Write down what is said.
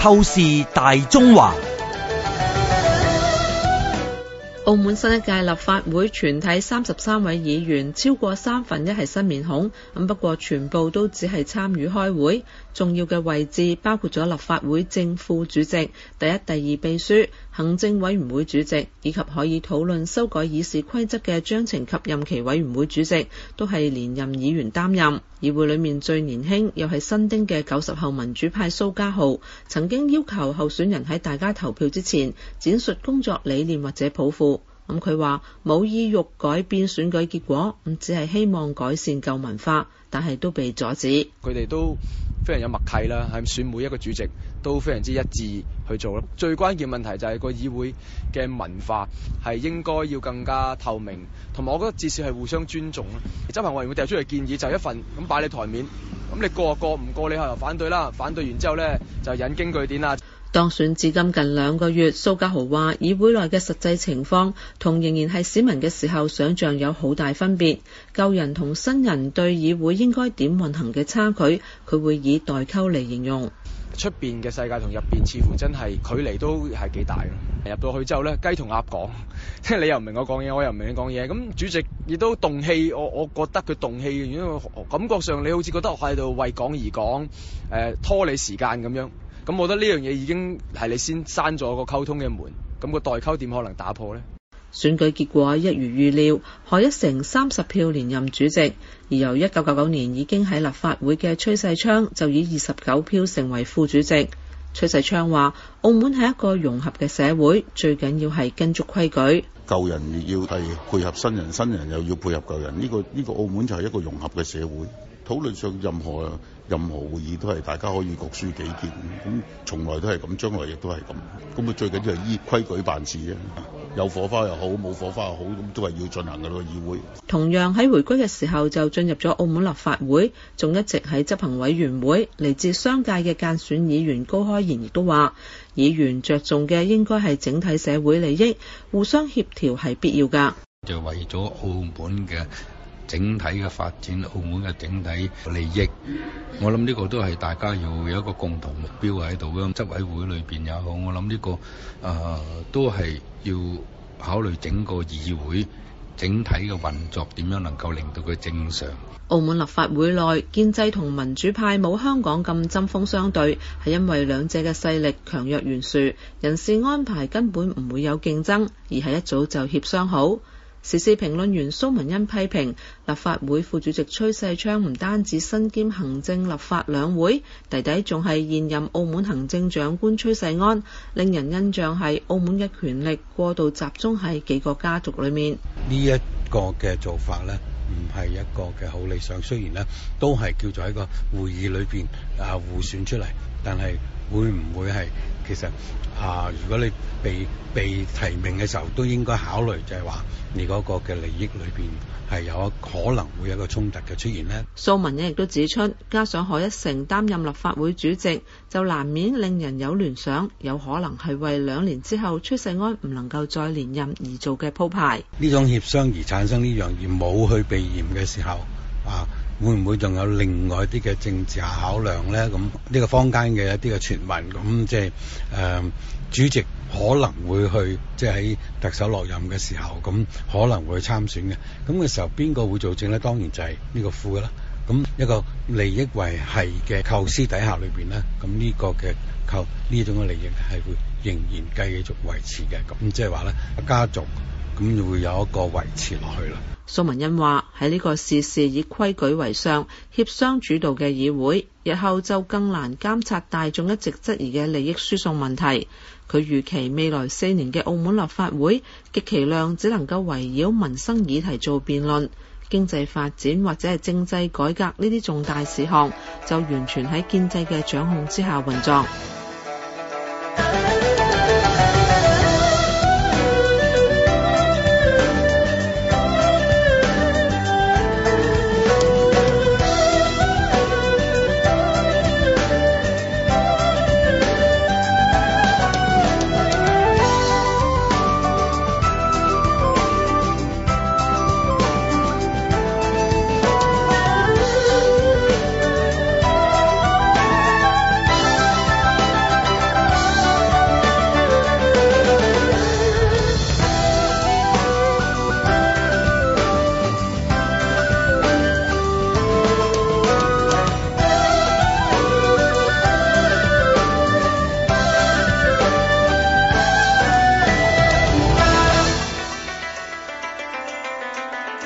透視大中華，澳門新一屆立法會全體三十三位議員超過三分一係新面孔，咁不過全部都只係參與開會，重要嘅位置包括咗立法會正副主席、第一、第二秘書。行政委員會主席以及可以討論修改議事規則嘅章程及任期委員會主席，都係連任議員擔任。議會裡面最年輕又係新丁嘅九十後民主派蘇嘉豪，曾經要求候選人喺大家投票之前展述工作理念或者抱負。咁佢話冇意欲改變選舉結果，咁只係希望改善舊文化，但係都被阻止。佢哋都非常有默契啦，喺選每一個主席都非常之一致去做咯。最關鍵問題就係個議會嘅文化係應該要更加透明，同埋我覺得至少係互相尊重啦。周執行委員會提出嚟建議就一份咁擺你台面咁你過就過，唔過你又反對啦，反對完之後呢，就引經據典啦。當選至今近兩個月，蘇嘉豪話：議會內嘅實際情況同仍然係市民嘅時候想象有好大分別。舊人同新人對議會應該點運行嘅差距，佢會以代溝嚟形容。出邊嘅世界同入邊似乎真係距離都係幾大咯。入到去之後呢，雞同鴨講，即 係你又唔明我講嘢，我又唔明你講嘢。咁主席亦都動氣，我我覺得佢動氣，原因為感覺上你好似覺得我喺度為講而講，誒拖你時間咁樣。咁我覺得呢樣嘢已經係你先閂咗個溝通嘅門，咁個代溝點可能打破呢？選舉結果一如預料，何一成三十票連任主席，而由一九九九年已經喺立法會嘅崔世昌就以二十九票成為副主席。崔世昌話，澳門係一個融合嘅社會，最緊要係跟足規矩。舊人要係配合新人，新人又要配合舊人，呢、這個呢、這個澳門就係一個融合嘅社會。討論上任何任何會議都係大家可以各抒己見，咁從來都係咁，將來亦都係咁。咁啊最緊要係依規矩辦事啫，有火花又好，冇火花又好，咁都係要進行噶咯議會。同樣喺回歸嘅時候就進入咗澳門立法會，仲一直喺執行委員會。嚟自商界嘅間選議員高開賢亦都話，議員着重嘅應該係整體社會利益，互相協調係必要㗎。就為咗澳門嘅整體嘅發展，澳門嘅整體利益，我諗呢個都係大家要有一個共同目標喺度咁，執委會裏邊也好，我諗呢、呢個誒、呃、都係要考慮整個議會整體嘅運作點樣能夠令到佢正常。澳門立法會內建制同民主派冇香港咁針鋒相對，係因為兩者嘅勢力強弱懸殊，人事安排根本唔會有競爭，而係一早就協商好。時事評論員蘇文欣批評立法會副主席崔世昌唔單止身兼行政立法兩會，弟弟仲係現任澳門行政長官崔世安，令人印象係澳門嘅權力過度集中喺幾個家族裏面。呢一個嘅做法呢，唔係一個嘅好理想，雖然呢都係叫做喺個會議裏邊啊互選出嚟。但係會唔會係其實啊？如果你被被提名嘅時候，都應該考慮就係話你嗰個嘅利益裏邊係有可能會有一個衝突嘅出現呢。蘇文欣亦都指出，加上賀一誠擔任立法會主席，就難免令人有聯想，有可能係為兩年之後崔世安唔能夠再連任而做嘅鋪排。呢種協商而產生呢樣而冇去避嫌嘅時候啊，會唔會仲有另外啲嘅政治考量咧？咁呢個坊間嘅一啲嘅傳聞，咁即係誒主席可能會去，即係喺特首落任嘅時候，咁可能會參選嘅。咁嘅時候邊個會做證咧？當然就係呢個副嘅啦。咁一個利益維繫嘅構思底下裏邊咧，咁呢個嘅構呢種嘅利益係會仍然繼續維持嘅。咁即係話咧，家族咁就會有一個維持落去啦。蘇文欣話。喺呢個事事以規矩為上、協商主導嘅議會，日後就更難監察大眾一直質疑嘅利益輸送問題。佢預期未來四年嘅澳門立法會極其量只能夠圍繞民生議題做辯論，經濟發展或者係政制改革呢啲重大事項就完全喺建制嘅掌控之下運作。